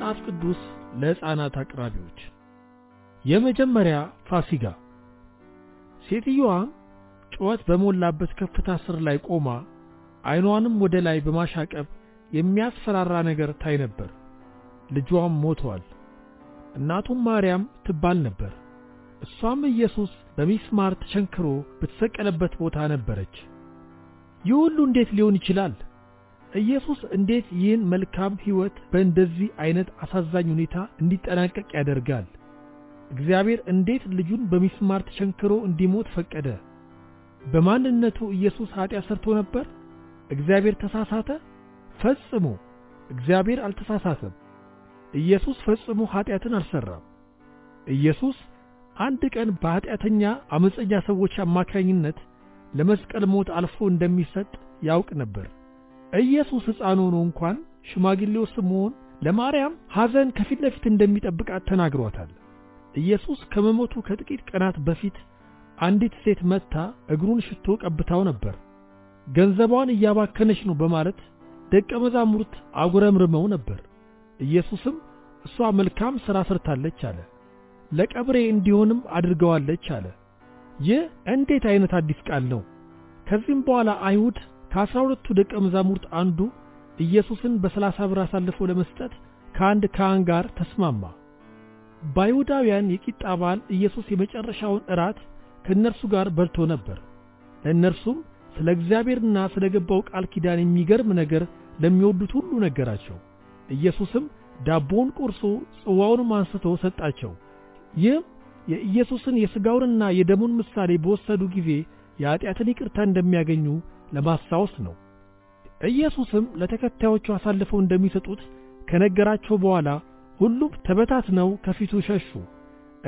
መጽሐፍ ቅዱስ ለሕፃናት አቅራቢዎች የመጀመሪያ ፋሲጋ። ሴትዮዋ ጩኸት በሞላበት ከፍታ ስር ላይ ቆማ አይኗንም ወደ ላይ በማሻቀብ የሚያስፈራራ ነገር ታይ ነበር። ልጇም ሞቷል። እናቱም ማርያም ትባል ነበር። እሷም ኢየሱስ በሚስማር ተቸንክሮ በተሰቀለበት ቦታ ነበረች። ይህ ሁሉ እንዴት ሊሆን ይችላል? ኢየሱስ እንዴት ይህን መልካም ሕይወት በእንደዚህ አይነት አሳዛኝ ሁኔታ እንዲጠናቀቅ ያደርጋል? እግዚአብሔር እንዴት ልጁን በሚስማር ተቸንክሮ እንዲሞት ፈቀደ? በማንነቱ ኢየሱስ ኀጢአት ሰርቶ ነበር? እግዚአብሔር ተሳሳተ? ፈጽሞ እግዚአብሔር አልተሳሳተም። ኢየሱስ ፈጽሞ ኀጢአትን አልሰራም። ኢየሱስ አንድ ቀን በኀጢአተኛ ዐመፀኛ ሰዎች አማካኝነት ለመስቀል ሞት አልፎ እንደሚሰጥ ያውቅ ነበር። ኢየሱስ ሕፃን ሆኖ እንኳን ሽማግሌው ስምዖን ለማርያም ሐዘን ከፊት ለፊት እንደሚጠብቃት ተናግሯታል። ኢየሱስ ከመሞቱ ከጥቂት ቀናት በፊት አንዲት ሴት መጥታ እግሩን ሽቶ ቀብታው ነበር። ገንዘቧን እያባከነች ነው በማለት ደቀ መዛሙርት አጉረምርመው ነበር። ኢየሱስም እሷ መልካም ሥራ ሰርታለች አለ። ለቀብሬ እንዲሆንም አድርገዋለች አለ። ይህ እንዴት አይነት አዲስ ቃል ነው! ከዚህም በኋላ አይሁድ ከአስራ ሁለቱ ደቀ መዛሙርት አንዱ ኢየሱስን በሰላሳ ብር አሳልፎ ለመስጠት ከአንድ ካህን ጋር ተስማማ። በአይሁዳውያን የቂጣ በዓል ኢየሱስ የመጨረሻውን እራት ከእነርሱ ጋር በልቶ ነበር። ለእነርሱም ስለ እግዚአብሔርና ስለ ገባው ቃል ኪዳን የሚገርም ነገር ለሚወዱት ሁሉ ነገራቸው። ኢየሱስም ዳቦውን ቆርሶ ጽዋውንም አንስቶ ሰጣቸው። ይህም የኢየሱስን የሥጋውንና የደሙን ምሳሌ በወሰዱ ጊዜ የኀጢአትን ይቅርታ እንደሚያገኙ ለማስታወስ ነው። ኢየሱስም ለተከታዮቹ አሳልፈው እንደሚሰጡት ከነገራቸው በኋላ ሁሉም ተበታትነው ከፊቱ ሸሹ።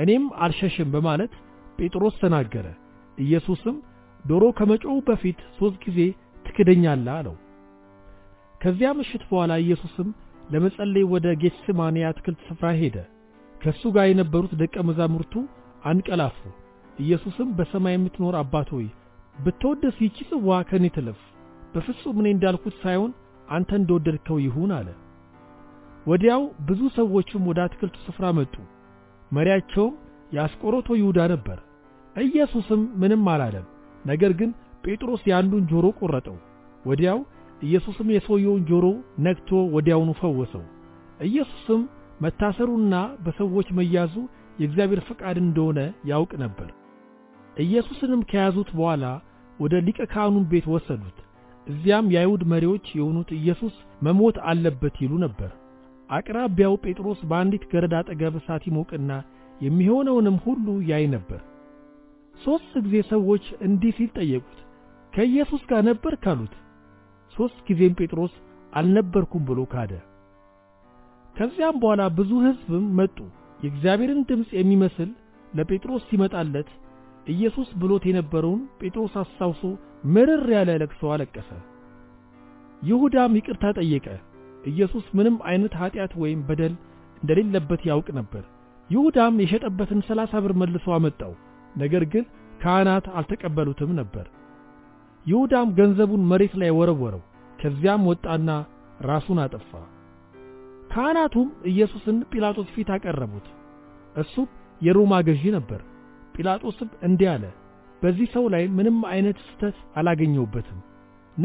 እኔም አልሸሽም በማለት ጴጥሮስ ተናገረ። ኢየሱስም ዶሮ ከመጮው በፊት ሦስት ጊዜ ትክደኛለህ አለው። ከዚያ ምሽት በኋላ ኢየሱስም ለመጸለይ ወደ ጌትስማኒ አትክልት ስፍራ ሄደ። ከእሱ ጋር የነበሩት ደቀ መዛሙርቱ አንቀላፉ። ኢየሱስም በሰማይ የምትኖር አባት ሆይ ብትወደስ ይቺ ጽዋ ከእኔ ትለፍ፣ በፍጹም እኔ እንዳልኩት ሳይሆን አንተ እንደወደድከው ይሁን አለ። ወዲያው ብዙ ሰዎችም ወደ አትክልቱ ስፍራ መጡ። መሪያቸውም የአስቆሮቶ ይሁዳ ነበር። ኢየሱስም ምንም አላለም። ነገር ግን ጴጥሮስ የአንዱን ጆሮ ቆረጠው። ወዲያው ኢየሱስም የሰውየውን ጆሮ ነክቶ ወዲያውኑ ፈወሰው። ኢየሱስም መታሰሩና በሰዎች መያዙ የእግዚአብሔር ፈቃድ እንደሆነ ያውቅ ነበር። ኢየሱስንም ከያዙት በኋላ ወደ ሊቀ ካህኑን ቤት ወሰዱት። እዚያም የአይሁድ መሪዎች የሆኑት ኢየሱስ መሞት አለበት ይሉ ነበር። አቅራቢያው ጴጥሮስ በአንዲት ገረድ አጠገብ እሳት ይሞቅና የሚሆነውንም ሁሉ ያይ ነበር። ሦስት ጊዜ ሰዎች እንዲህ ሲል ጠየቁት፣ ከኢየሱስ ጋር ነበር ካሉት። ሦስት ጊዜም ጴጥሮስ አልነበርኩም ብሎ ካደ። ከዚያም በኋላ ብዙ ሕዝብም መጡ። የእግዚአብሔርን ድምፅ የሚመስል ለጴጥሮስ ሲመጣለት ኢየሱስ ብሎት የነበረውን ጴጥሮስ አስታውሶ መረር ያለ ለቅሶ አለቀሰ። ይሁዳም ይቅርታ ጠየቀ። ኢየሱስ ምንም አይነት ኃጢአት ወይም በደል እንደሌለበት ያውቅ ነበር። ይሁዳም የሸጠበትን ሰላሳ ብር መልሶ አመጣው። ነገር ግን ካህናት አልተቀበሉትም ነበር። ይሁዳም ገንዘቡን መሬት ላይ ወረወረው። ከዚያም ወጣና ራሱን አጠፋ። ካህናቱም ኢየሱስን ጲላጦስ ፊት አቀረቡት። እሱም የሮማ ገዢ ነበር። ጲላጦስም እንዲህ አለ፣ በዚህ ሰው ላይ ምንም አይነት ስህተት አላገኘውበትም።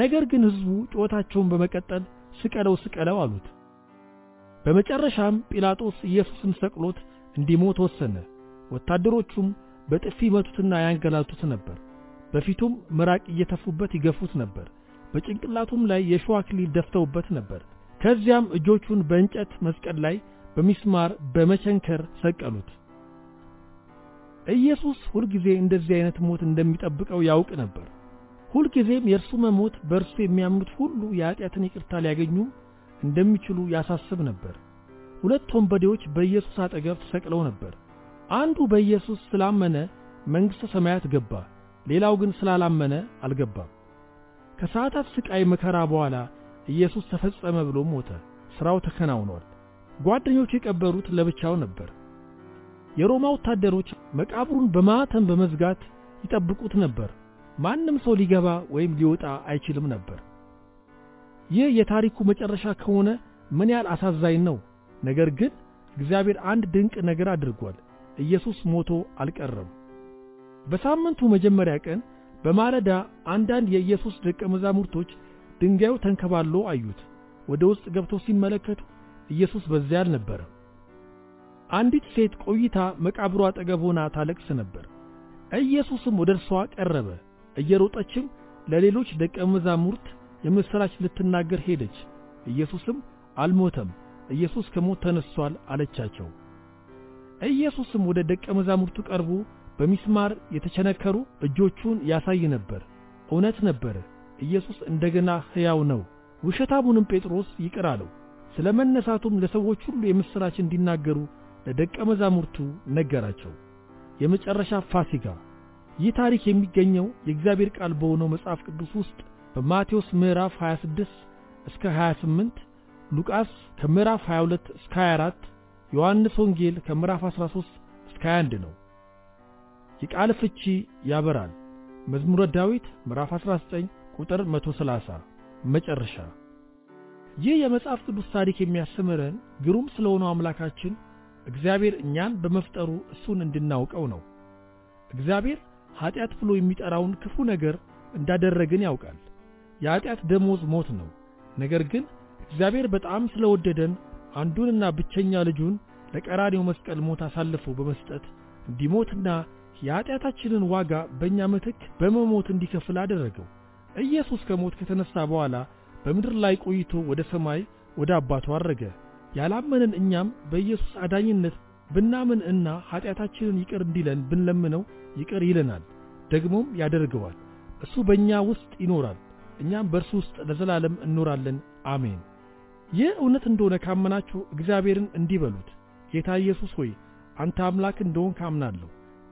ነገር ግን ሕዝቡ ጩኸታቸውን በመቀጠል ስቀለው፣ ስቀለው አሉት። በመጨረሻም ጲላጦስ ኢየሱስን ሰቅሎት እንዲሞት ወሰነ። ወታደሮቹም በጥፊ መቱትና ያንገላቱት ነበር። በፊቱም ምራቅ እየተፉበት ይገፉት ነበር። በጭንቅላቱም ላይ የሸዋክሊል አክሊል ደፍተውበት ነበር። ከዚያም እጆቹን በእንጨት መስቀል ላይ በሚስማር በመቸንከር ሰቀሉት። ኢየሱስ ሁልጊዜ እንደዚህ አይነት ሞት እንደሚጠብቀው ያውቅ ነበር። ሁልጊዜም የእርሱ መሞት በእርሱ የሚያምኑት ሁሉ የኀጢአትን ይቅርታ ሊያገኙ እንደሚችሉ ያሳስብ ነበር። ሁለት ወንበዴዎች በኢየሱስ አጠገብ ተሰቅለው ነበር። አንዱ በኢየሱስ ስላመነ መንግሥተ ሰማያት ገባ፣ ሌላው ግን ስላላመነ አልገባም። ከሰዓታት ሥቃይ መከራ በኋላ ኢየሱስ ተፈጸመ ብሎ ሞተ። ሥራው ተከናውኗል። ጓደኞቹ የቀበሩት ለብቻው ነበር። የሮማ ወታደሮች መቃብሩን በማተም በመዝጋት ይጠብቁት ነበር። ማንም ሰው ሊገባ ወይም ሊወጣ አይችልም ነበር። ይህ የታሪኩ መጨረሻ ከሆነ ምን ያህል አሳዛኝ ነው! ነገር ግን እግዚአብሔር አንድ ድንቅ ነገር አድርጓል። ኢየሱስ ሞቶ አልቀረም። በሳምንቱ መጀመሪያ ቀን በማለዳ አንዳንድ የኢየሱስ ደቀ መዛሙርቶች ድንጋዩ ተንከባሎ አዩት። ወደ ውስጥ ገብተው ሲመለከቱ ኢየሱስ በዚያ አልነበረም። አንዲት ሴት ቆይታ መቃብሩ አጠገብ ሆና ታለቅስ ነበር። ኢየሱስም ወደ እርሷ ቀረበ። እየሮጠችም ለሌሎች ደቀ መዛሙርት የምሥራች ልትናገር ሄደች። ኢየሱስም አልሞተም፣ ኢየሱስ ከሞት ተነሥቷል አለቻቸው። ኢየሱስም ወደ ደቀ መዛሙርቱ ቀርቦ በሚስማር የተቸነከሩ እጆቹን ያሳይ ነበር። እውነት ነበር፣ ኢየሱስ እንደገና ሕያው ነው። ውሸታሙንም ጴጥሮስ ይቅር አለው። ስለ መነሳቱም ለሰዎች ሁሉ የምሥራች እንዲናገሩ ለደቀ መዛሙርቱ ነገራቸው። የመጨረሻ ፋሲጋ። ይህ ታሪክ የሚገኘው የእግዚአብሔር ቃል በሆነው መጽሐፍ ቅዱስ ውስጥ በማቴዎስ ምዕራፍ 26 እስከ 28፣ ሉቃስ ከምዕራፍ 22 እስከ 24፣ ዮሐንስ ወንጌል ከምዕራፍ 13 እስከ 21 ነው። የቃል ፍቺ ያበራል። መዝሙረ ዳዊት ምዕራፍ 19 ቁጥር 130። መጨረሻ ይህ የመጽሐፍ ቅዱስ ታሪክ የሚያስተምረን ግሩም ስለሆነው አምላካችን እግዚአብሔር እኛን በመፍጠሩ እሱን እንድናውቀው ነው። እግዚአብሔር ኀጢአት ብሎ የሚጠራውን ክፉ ነገር እንዳደረግን ያውቃል። የኀጢአት ደሞዝ ሞት ነው። ነገር ግን እግዚአብሔር በጣም ስለወደደን አንዱንና ብቸኛ ልጁን ለቀራኔው መስቀል ሞት አሳልፎ በመስጠት እንዲሞትና የኀጢአታችንን ዋጋ በእኛ ምትክ በመሞት እንዲከፍል አደረገው። ኢየሱስ ከሞት ከተነሳ በኋላ በምድር ላይ ቆይቶ ወደ ሰማይ ወደ አባቱ አረገ። ያላመንን እኛም በኢየሱስ አዳኝነት ብናምን እና ኃጢአታችንን ይቅር እንዲለን ብንለምነው ይቅር ይለናል፣ ደግሞም ያደርገዋል። እሱ በእኛ ውስጥ ይኖራል፣ እኛም በእርሱ ውስጥ ለዘላለም እንኖራለን። አሜን። ይህ እውነት እንደሆነ ካመናችሁ እግዚአብሔርን እንዲህ በሉት፣ ጌታ ኢየሱስ ሆይ አንተ አምላክ እንደሆን ካምናለሁ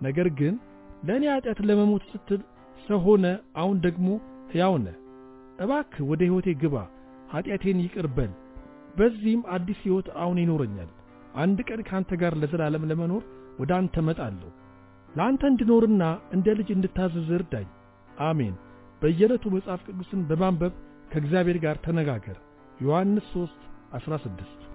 ነገር ግን ለእኔ ኀጢአት ለመሞት ስትል ሰው ሆነ፣ አሁን ደግሞ ሕያው ነህ። እባክህ ወደ ሕይወቴ ግባ፣ ኀጢአቴን ይቅር በል በዚህም አዲስ ሕይወት አሁን ይኖረኛል። አንድ ቀን ከአንተ ጋር ለዘላለም ለመኖር ወደ አንተ መጣለሁ። ለአንተ እንድኖርና እንደ ልጅ እንድታዘዝ እርዳኝ። አሜን። በየዕለቱ መጽሐፍ ቅዱስን በማንበብ ከእግዚአብሔር ጋር ተነጋገር። ዮሐንስ 3 16